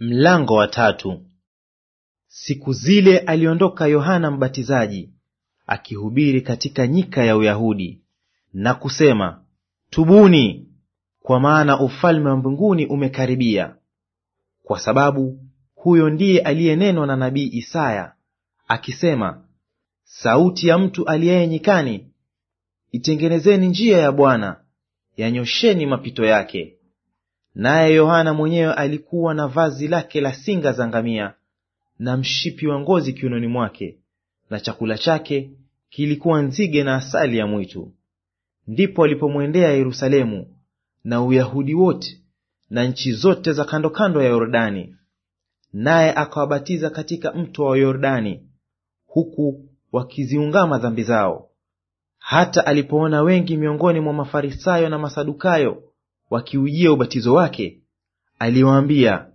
Mlango wa tatu. Siku zile aliondoka Yohana Mbatizaji akihubiri katika nyika ya Uyahudi na kusema, tubuni, kwa maana ufalme wa mbinguni umekaribia. Kwa sababu huyo ndiye aliyenenwa na nabii Isaya akisema, sauti ya mtu aliyeye nyikani, itengenezeni njia ya Bwana, yanyosheni mapito yake. Naye Yohana mwenyewe alikuwa na vazi lake la singa za ngamia na mshipi wa ngozi kiunoni mwake, na chakula chake kilikuwa nzige na asali ya mwitu. Ndipo alipomwendea Yerusalemu na Uyahudi wote na nchi zote za kando kando ya Yordani, naye akawabatiza katika mto wa Yordani, huku wakiziungama dhambi zao. Hata alipoona wengi miongoni mwa Mafarisayo na Masadukayo wakiujia ubatizo wake, aliwaambia,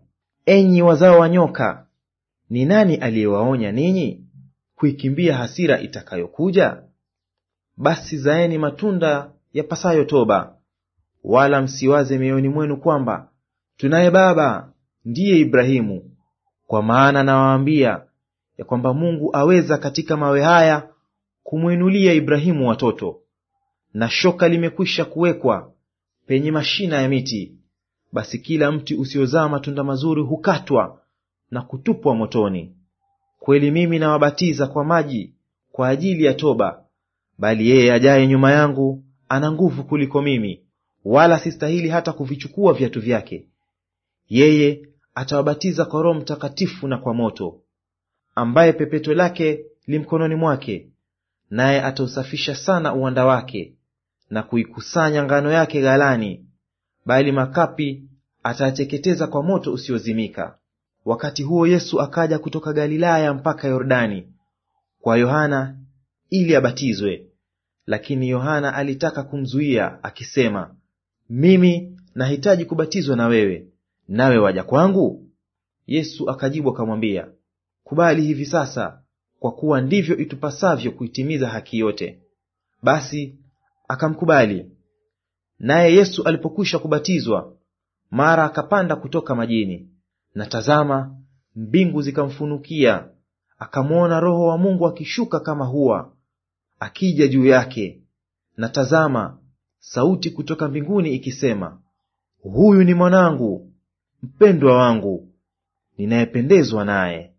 enyi wazao wa nyoka, ni nani aliyewaonya ninyi kuikimbia hasira itakayokuja? Basi zaeni matunda pasayo toba, wala msiwaze mioyoni mwenu kwamba tunaye baba ndiye Ibrahimu. Kwa maana nawaambia ya kwamba Mungu aweza katika mawe haya kumwinulia Ibrahimu watoto. Na shoka limekwisha kuwekwa penye mashina ya miti, basi kila mti usiozaa matunda mazuri hukatwa na kutupwa motoni. Kweli mimi nawabatiza kwa maji kwa ajili ya toba, bali yeye ajaye nyuma yangu ana nguvu kuliko mimi, wala sistahili hata kuvichukua viatu vyake. Yeye atawabatiza kwa Roho Mtakatifu na kwa moto, ambaye pepeto lake li mkononi mwake, naye atausafisha sana uwanda wake na kuikusanya ngano yake ghalani, bali makapi atayateketeza kwa moto usiozimika. Wakati huo Yesu akaja kutoka Galilaya mpaka Yordani kwa Yohana ili abatizwe. Lakini Yohana alitaka kumzuia akisema, mimi nahitaji kubatizwa na wewe, nawe waja kwangu? Yesu akajibu akamwambia, kubali hivi sasa, kwa kuwa ndivyo itupasavyo kuitimiza haki yote. Basi akamkubali. Naye Yesu alipokwisha kubatizwa, mara akapanda kutoka majini, na tazama, mbingu zikamfunukia, akamwona Roho wa Mungu akishuka kama hua akija juu yake, na tazama, sauti kutoka mbinguni ikisema, Huyu ni mwanangu mpendwa wangu, ninayependezwa naye.